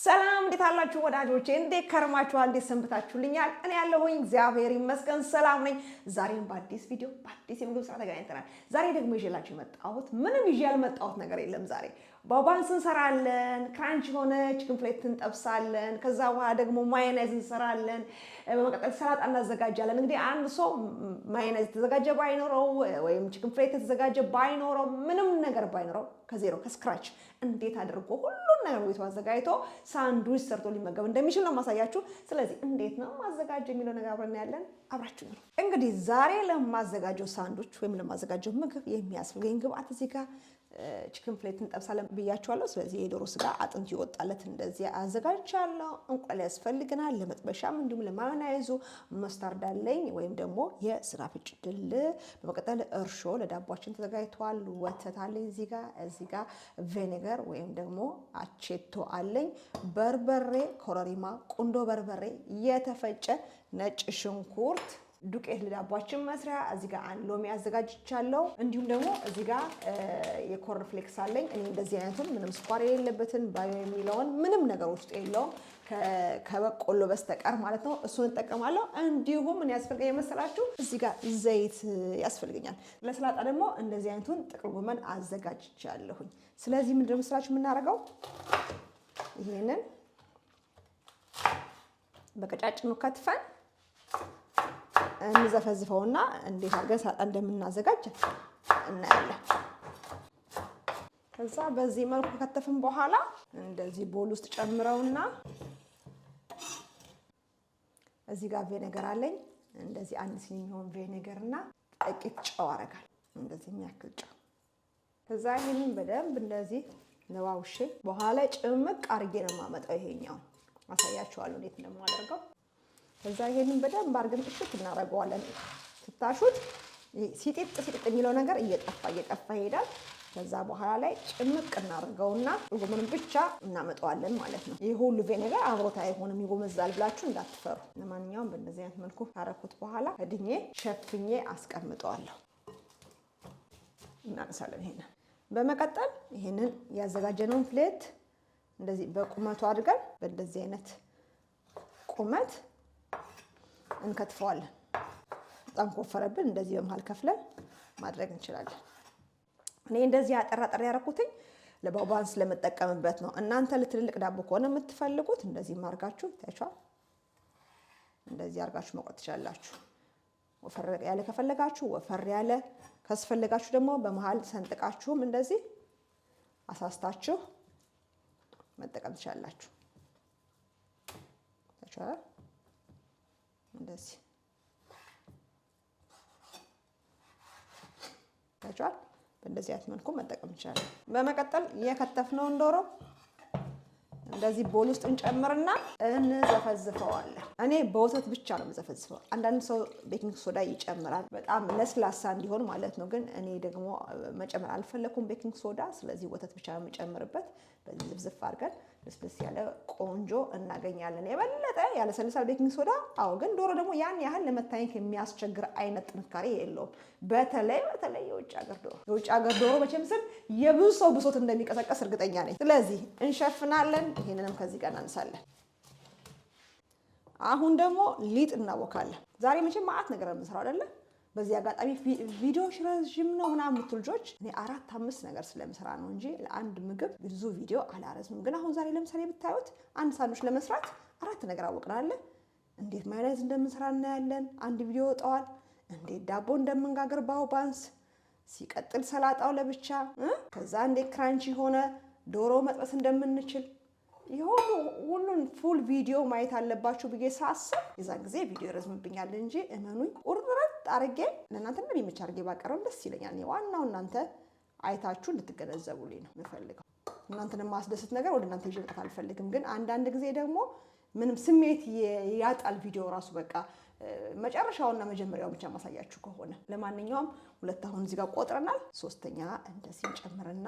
ሰላም እንዴት አላችሁ ወዳጆቼ? እንዴት ከርማችኋል? እንዴት ሰንብታችሁልኛል? እኔ ያለሁኝ እግዚአብሔር ይመስገን ሰላም ነኝ። ዛሬም በአዲስ ቪዲዮ በአዲስ የምግብ ስራ ተገናኝተናል። ዛሬ ደግሞ ይዤላችሁ የመጣሁት ምንም ይዤ ያልመጣሁት ነገር የለም። ዛሬ በባንስ እንሰራለን፣ ክራንች የሆነ ቺክን ፍሌት እንጠብሳለን። ከዛ በኋላ ደግሞ ማዮናይዝ እንሰራለን። በመቀጠል ሰላጣ እናዘጋጃለን። እንግዲህ አንድ ሰው ማዮናይዝ የተዘጋጀ ባይኖረው ወይም ቺክን ፍሌት የተዘጋጀ ባይኖረው ምንም ነገር ባይኖረው ከዜሮ ከስክራች እንዴት አድርጎ ሁሉ ሁሉም ነገር አዘጋጅቶ ሳንድዊች ሰርቶ ሊመገብ እንደሚችል ነው ማሳያችሁ። ስለዚህ እንዴት ነው ማዘጋጀ የሚለው ነገር አብረን ያለን አብራችሁ ነው። እንግዲህ ዛሬ ለማዘጋጀው ሳንድዊች ወይም ለማዘጋጀው ምግብ የሚያስፈልገኝ ግብአት እዚህ ጋር ችክን ፍሌት እንጠብሳለን ብያቸዋለሁ። ስለዚህ የዶሮ ስጋ አጥንት ይወጣለት እንደዚህ አዘጋጅቻለሁ። እንቁላል ያስፈልገናል ለመጥበሻም፣ እንዲሁም ለማዮናይዙ መስታርድ አለኝ ወይም ደግሞ የስጋ ፍጭ ድል። በመቀጠል እርሾ ለዳቧችን ተዘጋጅተዋል። ወተት አለኝ እዚህ ጋር እዚህ ቬኔገር ወይም ደግሞ አቼቶ አለኝ። በርበሬ፣ ኮረሪማ፣ ቁንዶ በርበሬ፣ የተፈጨ ነጭ ሽንኩርት ዱቄት ልዳቧችን መስሪያ እዚ ጋ አንድ ሎሚ አዘጋጅቻለሁ። እንዲሁም ደግሞ እዚህ ጋ የኮርን ፍሌክስ አለኝ። እኔ እንደዚህ አይነቱን ምንም ስኳር የሌለበትን ባዮ የሚለውን ምንም ነገር ውስጥ የለውም ከበቆሎ በስተቀር ማለት ነው። እሱን እጠቀማለሁ። እንዲሁም ምን ያስፈልገኝ የመሰላችሁ እዚ ጋ ዘይት ያስፈልገኛል። ለሰላጣ ደግሞ እንደዚህ አይነቱን ጥቅል ጎመን አዘጋጅቻለሁኝ። ስለዚህ ምንድን መስላችሁ የምናደርገው ይህንን በቀጫጭኑ ከትፈን እንዘፈዝፈውና እንዴት አድርገን ሳጣ እንደምናዘጋጅ እናያለን። ከዛ በዚህ መልኩ ከከተፍን በኋላ እንደዚህ ቦል ውስጥ ጨምረውና እዚህ ጋር ቬነገር አለኝ። እንደዚህ አንድ ሲኒ የሚሆን ቬነገር እና ጥቂት ጨው አደርጋለሁ። እንደዚህ የሚያክል ጨው። ከዛ ይህንን በደንብ እንደዚህ ለዋውሽ በኋላ ጭምቅ አርጌ ነው የማመጣው። ይሄኛው አሳያችኋለሁ እንዴት እንደማደርገው ከዛ ይሄንን በደንብ አድርገን እሽት እናደርገዋለን። ስታሹት ሲጥጥ ሲጥጥ የሚለው ነገር እየጠፋ እየጠፋ ይሄዳል። ከዛ በኋላ ላይ ጭምቅ እናደርገውና ጎመኑን ብቻ እናመጣዋለን ማለት ነው። ይህ ሁሉ ቬኔጋር አብሮት አይሆንም ይጎመዛል ብላችሁ እንዳትፈሩ። ለማንኛውም በእንደዚህ አይነት መልኩ ካረኩት በኋላ ከድኜ ሸፍኜ አስቀምጠዋለሁ። እናነሳለን። ይሄንን በመቀጠል ይሄንን ያዘጋጀነውን ፍሌት እንደዚህ በቁመቱ አድርገን በእንደዚህ አይነት ቁመት እንከትፈዋለን። በጣም ከወፈረብን እንደዚህ በመሃል ከፍለን ማድረግ እንችላለን። እኔ እንደዚህ አጠራጠር ያደረኩትኝ ለባባን ስለምጠቀምበት ነው። እናንተ ለትልልቅ ዳቦ ከሆነ የምትፈልጉት እንደዚህ ማርጋችሁ ይታችኋል። እንደዚህ አድርጋችሁ መቁረጥ ትችላላችሁ። ወፈር ያለ ከፈለጋችሁ ወፈር ያለ ካስፈለጋችሁ ደግሞ በመሃል ሰንጥቃችሁም እንደዚህ አሳስታችሁ መጠቀም ትችላላችሁ። እንደዚህ ታችኋል። በእንደዚህ አይነት መልኩ መጠቀም እንችላለን። በመቀጠል የከተፍነውን ዶሮ እንደዚህ ቦል ውስጥ እንጨምርና እንዘፈዝፈዋለን። እኔ በወተት ብቻ ነው የምዘፈዝፈው። አንዳንድ ሰው ቤኪንግ ሶዳ ይጨምራል፣ በጣም ለስላሳ እንዲሆን ማለት ነው። ግን እኔ ደግሞ መጨመር አልፈለኩም ቤኪንግ ሶዳ። ስለዚህ ወተት ብቻ ነው የምጨምርበት። በዚህ ዝፍዝፍ አድርገን ልስልስ ያለ ቆንጆ እናገኛለን። የበለጠ ያለሰልሳል ቤኪንግ ሶዳ። አዎ፣ ግን ዶሮ ደግሞ ያን ያህል ለመታኘክ የሚያስቸግር አይነት ጥንካሬ የለውም። በተለይ በተለይ የውጭ ሀገር ዶሮ የውጭ ሀገር ዶሮ መቼም ስል የብዙ ሰው ብሶት እንደሚቀሰቀስ እርግጠኛ ነኝ። ስለዚህ እንሸፍናለን። ይህንንም ከዚህ ጋር እናንሳለን። አሁን ደግሞ ሊጥ እናቦካለን። ዛሬ መቼም ማአት ነገር የምንሰራው አይደለም በዚህ አጋጣሚ ቪዲዮዎች ረዥም ነው ምናምን የምትሉ ልጆች እኔ አራት አምስት ነገር ስለምሰራ ነው እንጂ ለአንድ ምግብ ብዙ ቪዲዮ አላረዝምም። ግን አሁን ዛሬ ለምሳሌ ብታዩት አንድ ሳንዱች ለመስራት አራት ነገር አወቅናለ። እንዴት ማይነዝ እንደምንሰራ እናያለን። አንድ ቪዲዮ ወጠዋል። እንዴት ዳቦ እንደምንጋገር ባውባንስ፣ ሲቀጥል ሰላጣው ለብቻ፣ ከዛ እንዴት ክራንች የሆነ ዶሮ መጥበስ እንደምንችል የሆኑ ሁሉን ፉል ቪዲዮ ማየት አለባችሁ ብዬ ሳስብ የዛን ጊዜ ቪዲዮ ይረዝምብኛል እንጂ እመኑኝ ቁርጥራ አርጌ ለእናንተ እንደሚመች አርጌ ባቀረብ ደስ ይለኛል። ዋናው እናንተ አይታችሁ እንድትገነዘቡልኝ ነው የምፈልገው። እናንተን ማስደስት ነገር ወደ እናንተ ይዤ መጣት አልፈልግም። ግን አንዳንድ ጊዜ ደግሞ ምንም ስሜት ያጣል ቪዲዮ ራሱ በቃ መጨረሻውና መጀመሪያው ብቻ ማሳያችሁ ከሆነ ለማንኛውም ሁለት አሁን እዚህ ጋር ቆጥረናል። ሶስተኛ እንደዚህ እንጨምርና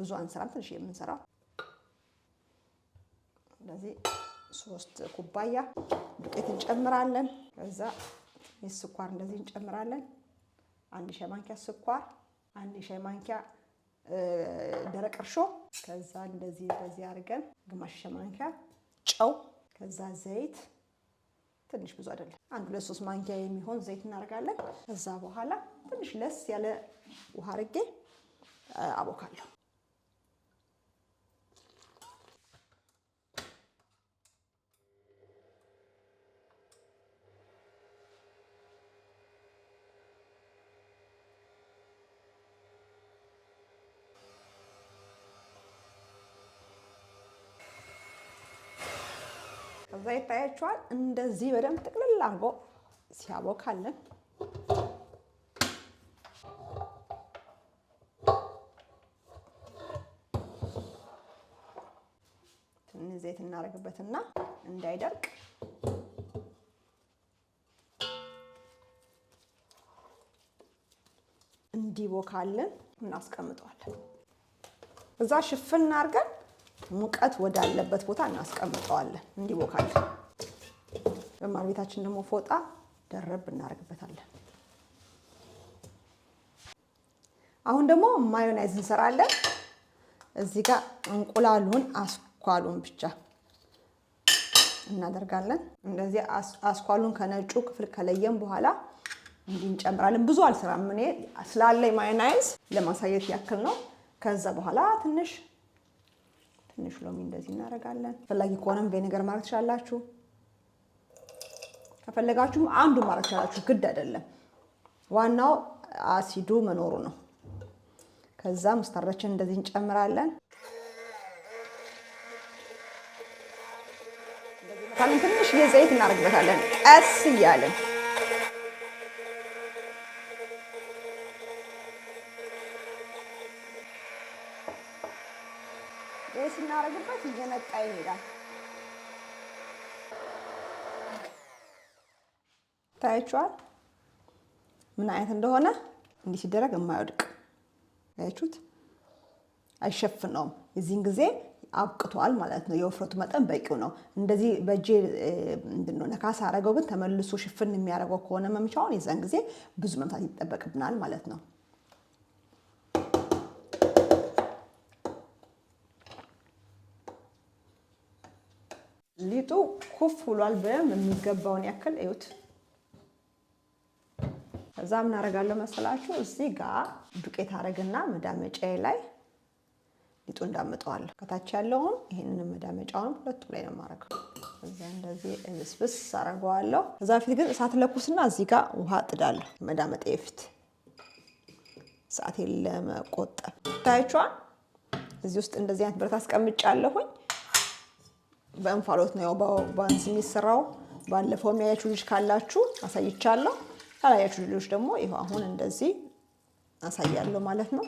ብዙ አንሰራም፣ ትንሽ የምንሰራው እንደዚህ ሶስት ኩባያ ዱቄት እንጨምራለን ከዛ ትንሽ ስኳር እንደዚህ እንጨምራለን። አንድ ሻይ ማንኪያ ስኳር፣ አንድ ሻይ ማንኪያ ደረቅ እርሾ፣ ከዛ እንደዚህ በዚህ አድርገን ግማሽ ሻይ ማንኪያ ጨው፣ ከዛ ዘይት ትንሽ ብዙ አይደለም፣ አንድ ሁለት ሶስት ማንኪያ የሚሆን ዘይት እናደርጋለን። ከዛ በኋላ ትንሽ ለስ ያለ ውሃ አድርጌ አቦካለሁ። ከዛ ይታያችኋል እንደዚህ በደንብ ጥቅልል አርጎ ሲያቦካለን ትንሽ ዘይት እናደርግበትና እንዳይደርቅ እንዲቦካልን እናስቀምጠዋለን። እዛ ሽፍን አድርገን ሙቀት ወዳለበት ቦታ እናስቀምጠዋለን እንዲቦካለን። በማር ቤታችን ደግሞ ፎጣ ደረብ እናደርግበታለን። አሁን ደግሞ ማዮናይዝ እንሰራለን። እዚህ ጋር እንቁላሉን አስኳሉን ብቻ እናደርጋለን። እንደዚህ አስኳሉን ከነጩ ክፍል ከለየም በኋላ እንዲህ እንጨምራለን። ብዙ አልሰራም እኔ ስላለኝ ማዮናይዝ ለማሳየት ያክል ነው። ከዛ በኋላ ትንሽ ትንሽ ሎሚ እንደዚህ እናደርጋለን። ፈላጊ ከሆነም ቬኔገር ማድረግ ትችላላችሁ። ከፈለጋችሁም አንዱ ማድረግ ትችላላችሁ፣ ግድ አይደለም። ዋናው አሲዱ መኖሩ ነው። ከዛ ሙስታርዳችን እንደዚህ እንጨምራለን። ትንሽ የዘይት እናደርግበታለን ቀስ እያለን እየጨመርኩበት እየነቃ ይሄዳል። ታያችኋል ምን አይነት እንደሆነ እንዲህ ሲደረግ የማይወድቅ ያችሁት አይሸፍነውም። የዚህን ጊዜ አብቅቷል ማለት ነው። የውፍረቱ መጠን በቂው ነው። እንደዚህ በእጄ ምንድነው ነካሳ አረገው ግን ተመልሶ ሽፍን የሚያደርገው ከሆነ መምቻውን የዛን ጊዜ ብዙ መምታት ይጠበቅብናል ማለት ነው። ሊጡ ኩፍ ብሏል። በም የሚገባውን ያክል እዩት። ከዛ ምን አደርጋለሁ መሰላችሁ? እዚህ ጋር ዱቄት አደርግና መዳመጫ ላይ ሊጡ እንዳምጠዋለሁ። ከታች ያለውን ይህንን መዳመጫውን ሁለቱ ላይ ነው የማደርገው። እዛ እንደዚህ ብስብስ አደርገዋለሁ። ከዛ በፊት ግን እሳት ለኩስና እዚህ ጋር ውሃ ጥዳለሁ። መዳመጤ በፊት ሰዓቴን ለመቆጠብ ታያችኋል። እዚህ ውስጥ እንደዚህ አይነት ብረት አስቀምጫለሁኝ። በእንፋሎት ነው ባንስ የሚሰራው። ባለፈው ያያችሁ ልጅ ካላችሁ አሳይቻለሁ። ካላያችሁ ልጆች ደግሞ ይኸው አሁን እንደዚህ አሳያለሁ ማለት ነው።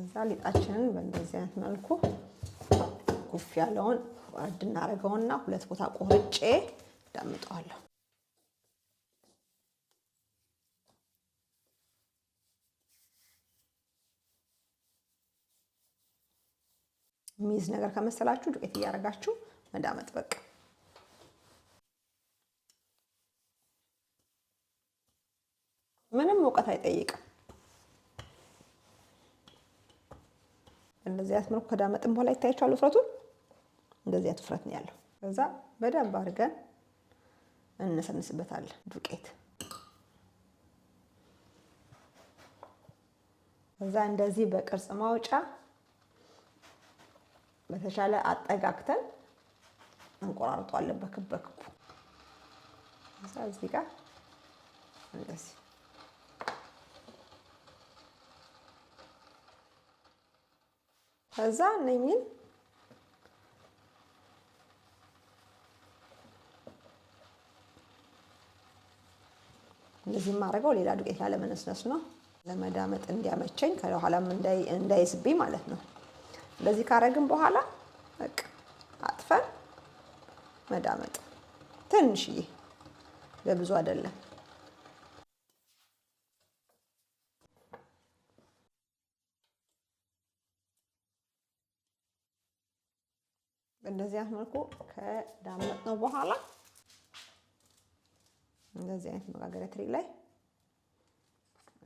እዛ ሊጣችንን በእንደዚህ አይነት መልኩ ኩፍ ያለውን አድናረገውና ሁለት ቦታ ቆርጬ ዳምጠዋለሁ። የሚይዝ ነገር ከመሰላችሁ ዱቄት እያደረጋችሁ መዳመጥ በቃ ምንም እውቀት አይጠይቅም። እንደዚህ አይነት መልኩ ከዳመጥን በኋላ ይታያችኋል ውፍረቱን። እንደዚህ አይነት ውፍረት ነው ያለው። ከዛ በደንብ አድርገን እንነሰንስበታለን ዱቄት። ከዛ እንደዚህ በቅርጽ ማውጫ በተሻለ አጠጋግተን እንቆራርጠዋለን በክብ በክቡ እዚህ ጋር እንደዚህ ከዛ እነኝን እንደዚህ የማደርገው ሌላ ዱቄት ላለመነስነስ ነው፣ ለመዳመጥ እንዲያመቸኝ ከኋላም እንዳይስብኝ ማለት ነው። እንደዚህ ካረግን በኋላ በቃ አጥፈን መዳመጥ ትንሽዬ፣ ለብዙ አይደለም። በእንደዚህ አይነት መልኩ ከዳመጥ ነው በኋላ እንደዚህ አይነት መጋገሪያ ትሪ ላይ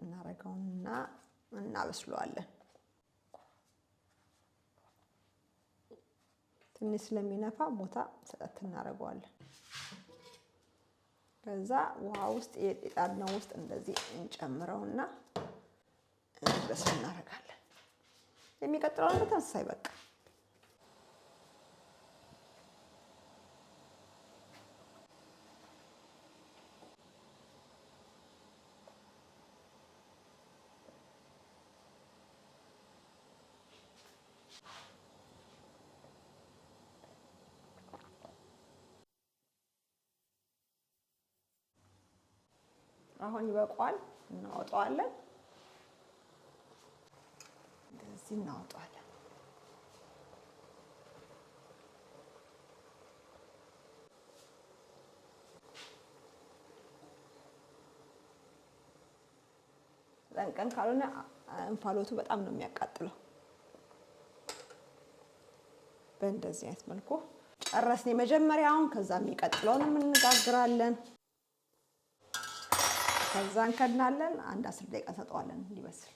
እናረገውና እናበስለዋለን። ትንሽ ስለሚነፋ ቦታ ሰጠት እናደርገዋለን። ከዛ ውሃ ውስጥ የጣድነው ውስጥ እንደዚህ እንጨምረውና እንበስ እናደርጋለን። የሚቀጥለው ተመሳሳይ በቃ አሁን ይበቋል። እናወጣዋለን፣ እንደዚህ እናወጣዋለን። ጠንቀን ካልሆነ እንፋሎቱ በጣም ነው የሚያቃጥለው። በእንደዚህ አይነት መልኩ ጨረስን የመጀመሪያውን። ከዛ የሚቀጥለውንም እንጋግራለን። ከዛ እንከድናለን። አንድ አስር ደቂቃ እንሰጠዋለን እንዲበስል።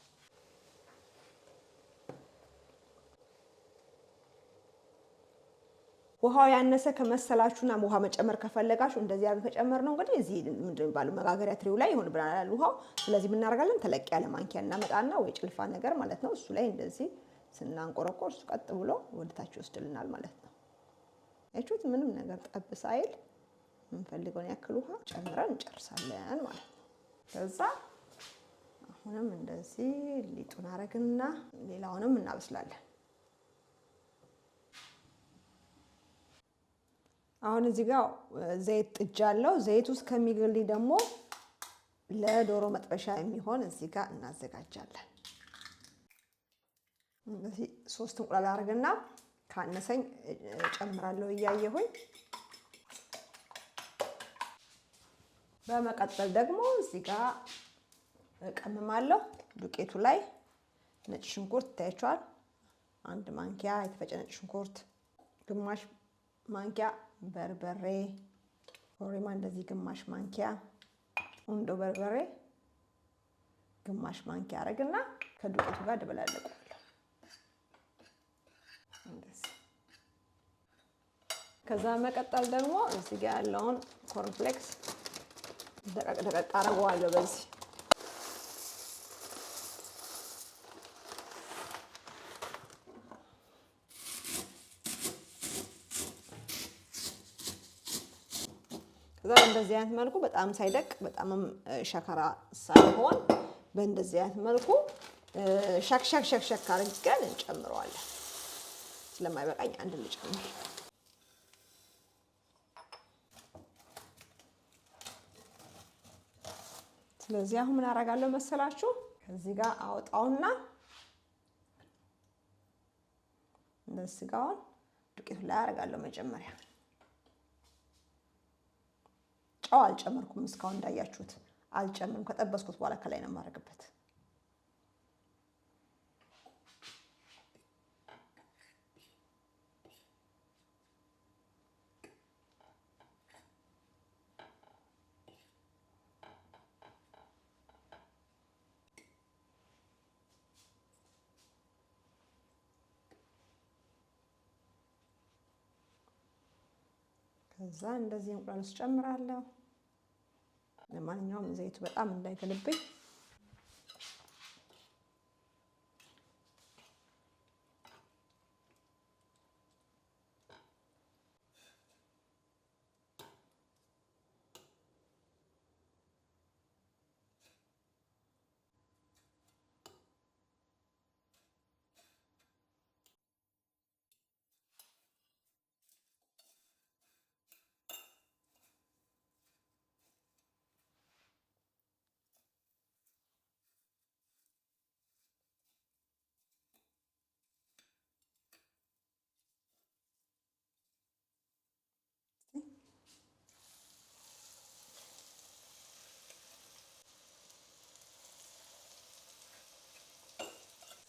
ውሃው ያነሰ ከመሰላችሁና ውሃ መጨመር ከፈለጋችሁ እንደዚህ አድርገን ነው እንግዲህ እዚህ ምንድን መጋገሪያ ትሪው ላይ ይሆን ብናላል ውሃው። ስለዚህ የምናደርጋለን ተለቅ ያለ ማንኪያ እናመጣና ወይ ጭልፋ ነገር ማለት ነው እሱ ላይ እንደዚህ ስናንቆረቆር እሱ ቀጥ ብሎ ወደታች ይወስድልናል ማለት ነው። ያችሁት ምንም ነገር ጠብ ሳይል የምንፈልገውን ያክል ውሃ ጨምረን እንጨርሳለን ማለት ነው። ከዛ አሁንም እንደዚህ ሊጡን አረግና ሌላውንም እናበስላለን። አሁን እዚህ ጋር ዘይት ዘይት ውስጥ እስከሚግል ደግሞ ለዶሮ መጥበሻ የሚሆን እዚህ ጋር እናዘጋጃለን። እንደዚህ ሶስት እንቁላል አድርግና ካነሰኝ ጨምራለሁ እያየሁኝ በመቀጠል ደግሞ እዚህ ጋር እቀምማለሁ። ዱቄቱ ላይ ነጭ ሽንኩርት ይታያችኋል። አንድ ማንኪያ የተፈጨ ነጭ ሽንኩርት፣ ግማሽ ማንኪያ በርበሬ ኮሪማ፣ እንደዚህ ግማሽ ማንኪያ ቁንዶ በርበሬ ግማሽ ማንኪያ አረግና ከዱቄቱ ጋር ደበላለቀዋለሁ። ከዛ መቀጠል ደግሞ እዚህ ጋር ያለውን ኮርንፍሌክስ ደቀቅ ደቀቅ አደርገዋለሁ በዚህ ከዛ በእንደዚህ አይነት መልኩ በጣም ሳይደቅ በጣምም ሸከራ ሳይሆን በእንደዚህ አይነት መልኩ ሸክሸክ ሸክሸክ አድርገን እንጨምረዋለን። ስለማይበቃኝ አንድ ልጨምር። ስለዚህ አሁን ምን አደርጋለሁ መሰላችሁ ከዚህ ጋር አወጣውና እንደዚህ ስጋውን ዱቄቱ ላይ አደርጋለሁ መጀመሪያ ጨው አልጨመርኩም። እስካሁን እንዳያችሁት አልጨምርም። ከጠበስኩት በኋላ ከላይ ነው የማደርግበት። ከዛ እንደዚህ እንቁላል ውስጥ ጨምራለሁ። ለማንኛውም ዘይቱ በጣም እንዳይገልብኝ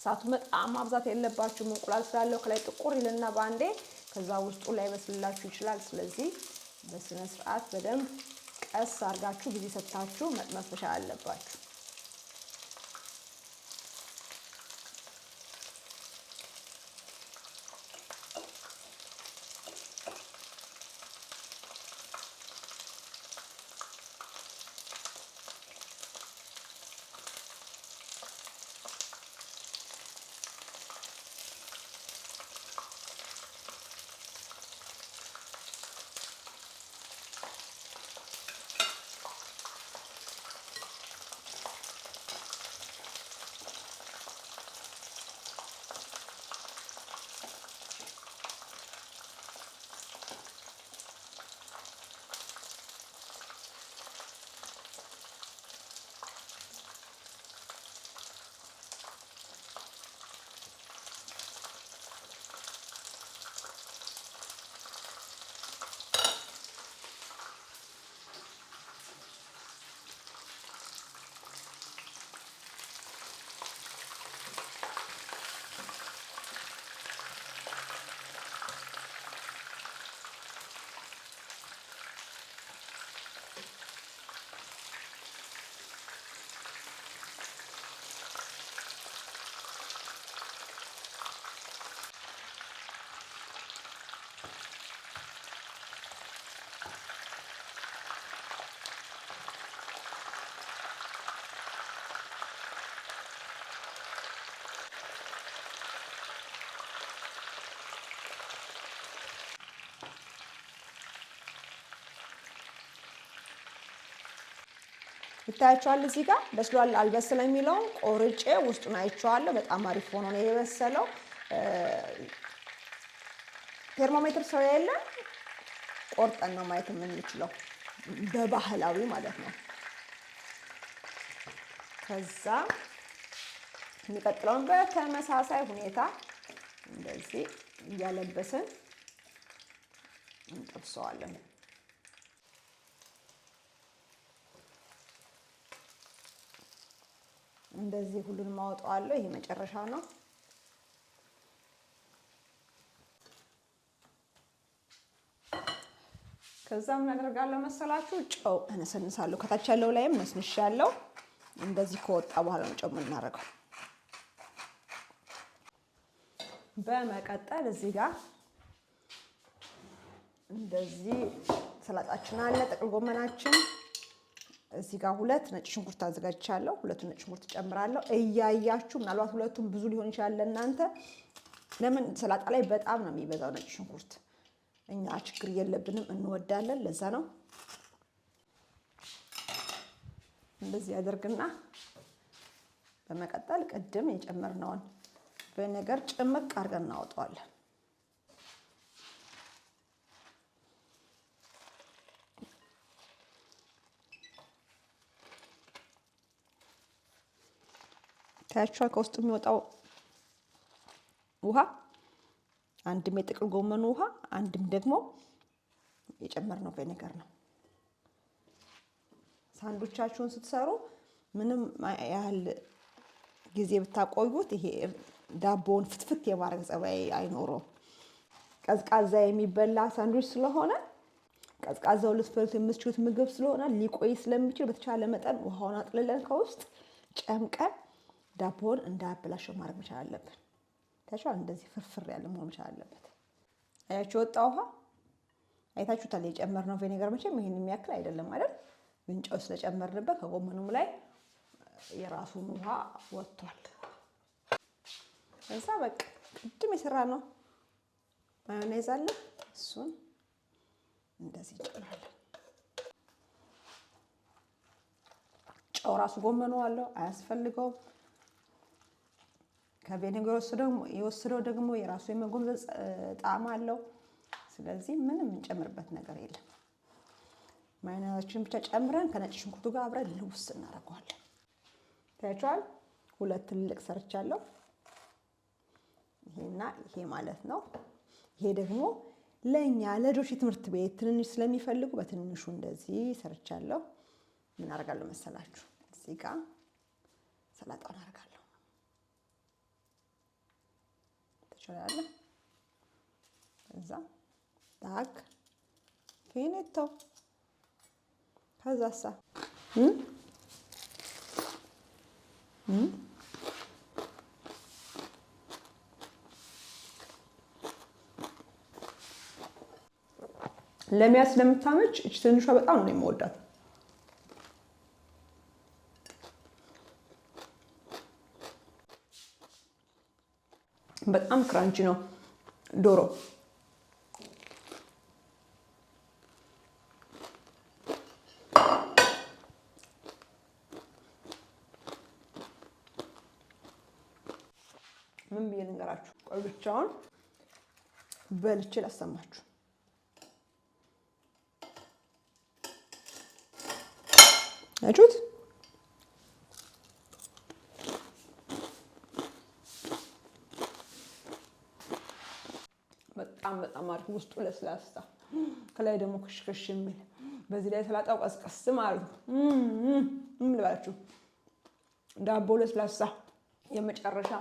እሳቱ በጣም ማብዛት የለባችሁም። እንቁላል ስላለው ከላይ ጥቁር ይልና በአንዴ ከዛ ውስጡ ላይ በስልላችሁ ይችላል። ስለዚህ በስነ ስርዓት በደንብ ቀስ አድርጋችሁ ጊዜ ሰጥታችሁ መጥመፍሻ አለባችሁ። ይታያቸዋል። እዚህ ጋር በስሏል አልበስለ የሚለውን ቆርጬ ውስጡን አይቼዋለሁ። በጣም አሪፍ ሆኖ ነው የበሰለው። ቴርሞሜትር ሰው የለ ቆርጠን ነው ማየት የምንችለው በባህላዊ ማለት ነው። ከዛ የሚቀጥለውን በተመሳሳይ ሁኔታ እንደዚህ እያለበስን እንጠብሰዋለን። እንደዚህ ሁሉንም አወጣዋለሁ። ይሄ መጨረሻው ነው። ከዛ ምን አደርጋለሁ መሰላችሁ? ጨው እነሰንሳለሁ። ከታች ያለው ላይም ነስንሽ ያለው እንደዚህ ከወጣ በኋላ ነው ጨው የምናደርገው። በመቀጠል እዚህ ጋር እንደዚህ ሰላጣችን አለ፣ ጥቅል ጎመናችን እዚህ ጋር ሁለት ነጭ ሽንኩርት አዘጋጅቻለሁ። ሁለቱን ነጭ ሽንኩርት ጨምራለሁ። እያያችሁ ምናልባት ሁለቱም ብዙ ሊሆን ይችላል ለእናንተ። ለምን ሰላጣ ላይ በጣም ነው የሚበዛው ነጭ ሽንኩርት። እኛ ችግር የለብንም እንወዳለን፣ ለዛ ነው። እንደዚህ ያደርግና በመቀጠል ቅድም የጨመርነውን በነገር ጭምቅ አድርገን እናወጣዋለን። ታያችኋል። ከውስጡ የሚወጣው ውሃ አንድም የጥቅል ጎመኑ ውሃ አንድም ደግሞ የጨመርነው ቬኔገር ነው። ሳንዶቻችሁን ስትሰሩ ምንም ያህል ጊዜ ብታቆዩት ይሄ ዳቦውን ፍትፍት የማድረግ ጸባይ አይኖረውም። ቀዝቃዛ የሚበላ ሳንዱች ስለሆነ ቀዝቃዛው ልትበሉት የምትችሉት ምግብ ስለሆነ ሊቆይ ስለሚችል በተቻለ መጠን ውሃውን አጥልለን ከውስጥ ጨምቀን ዳቦን እንዳያበላሸው ማድረግ መቻል አለብን። ታቻው እንደዚህ ፍርፍር ያለ መሆን መቻል አለበት። አያችሁ ወጣ ውሃ አይታችሁታል። የጨመርነው ቬኔገር መቼም ይሄን የሚያክል አይደለም አይደል? ምንጫው ስለጨመርንበት ከጎመኑም ላይ የራሱን ውሃ ወጥቷል። ከዛ በቃ ቅድም የሰራ ነው ማዮኔዝ አለ። እሱን እንደዚህ እንጨምራለን። ጨው ራሱ ጎመኑ አለው አያስፈልገውም። ከቬኔገር የወሰደው ደግሞ የራሱ የመጎምዘዝ ጣዕም አለው። ስለዚህ ምንም የምንጨምርበት ነገር የለም። ማይነራችንን ብቻ ጨምረን ከነጭ ሽንኩርቱ ጋር አብረን ልውስ እናደርገዋለን። ታያችኋል። ሁለት ትልቅ ሰርቻለሁ። ይሄና ይሄ ማለት ነው። ይሄ ደግሞ ለእኛ ለዶሽ ትምህርት ቤት ትንንሽ ስለሚፈልጉ በትንሹ እንደዚህ ሰርቻለሁ። ምን አደርጋለሁ መሰላችሁ? እዚህ ጋር ሰላጣውን አደርጋለሁ። ትችላለህ። ከዛ ዳክ ፊኒቶ። ከዛሳ ለመያዝ ስለምታመች እች ትንሿ በጣም ነው የምወዳት። በጣም ክራንች ነው ዶሮ። ምን ብዬ ልንገራችሁ? ቆይ ብቻውን በልቼ ላሰማችሁ። ያችሁት በጣም በጣም አሪፍ ውስጡ ለስላሳ ከላይ ደግሞ ክሽክሽ የሚል በዚህ ላይ ሰላጣው ቀስቀስ ማለት ምን ዳቦ ለስላሳ የመጨረሻ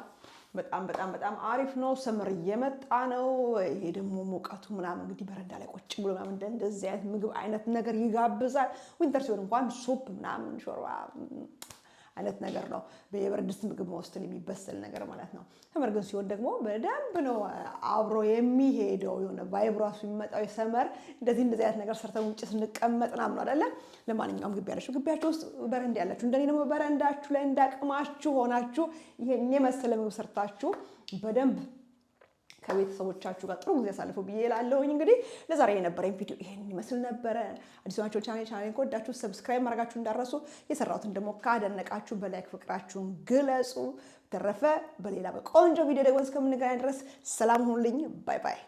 በጣም በጣም በጣም አሪፍ ነው። ሰምር እየመጣ ነው። ይሄ ደግሞ ሙቀቱ ምናምን እንግዲህ በረንዳ ላይ ቁጭ ብሎ ምናምን እንደዚህ አይነት ምግብ አይነት ነገር ይጋብዛል። ዊንተር ሲሆን እንኳን ሱፕ ምናምን ሾርባ አይነት ነገር ነው። የበረድ ምግብ መውስድ የሚበስል ነገር ማለት ነው። ሰመር ግን ሲሆን ደግሞ በደንብ ነው አብሮ የሚሄደው። የሆነ ቫይብ ራሱ የሚመጣው የሰመር እንደዚህ እንደዚህ አይነት ነገር ሰርተን ውጭ ስንቀመጥ ምናምን ነው አይደለ? ለማንኛውም ግቢ ያላችሁ ግቢያችሁ ውስጥ በረንዳ ያላችሁ እንደኔ ደግሞ በረንዳችሁ ላይ እንዳቅማችሁ ሆናችሁ ይሄን የመሰለ ምግብ ሰርታችሁ በደንብ ከቤተሰቦቻችሁ ጋር ጥሩ ጊዜ አሳልፉ ብዬ እላለሁኝ። እንግዲህ ለዛሬ የነበረኝ ቪዲዮ ይሄን ይመስል ነበረ። አዲስ ናቸው ቻኔል ከወዳችሁ ሰብስክራይብ ማድረጋችሁ እንዳረሱ፣ የሰራሁትን ደግሞ ካደነቃችሁ በላይክ ፍቅራችሁን ግለጹ። ተረፈ በሌላ በቆንጆ ቪዲዮ ደግሞ እስከምንገናኝ ድረስ ሰላም ሁኑልኝ። ባይ ባይ።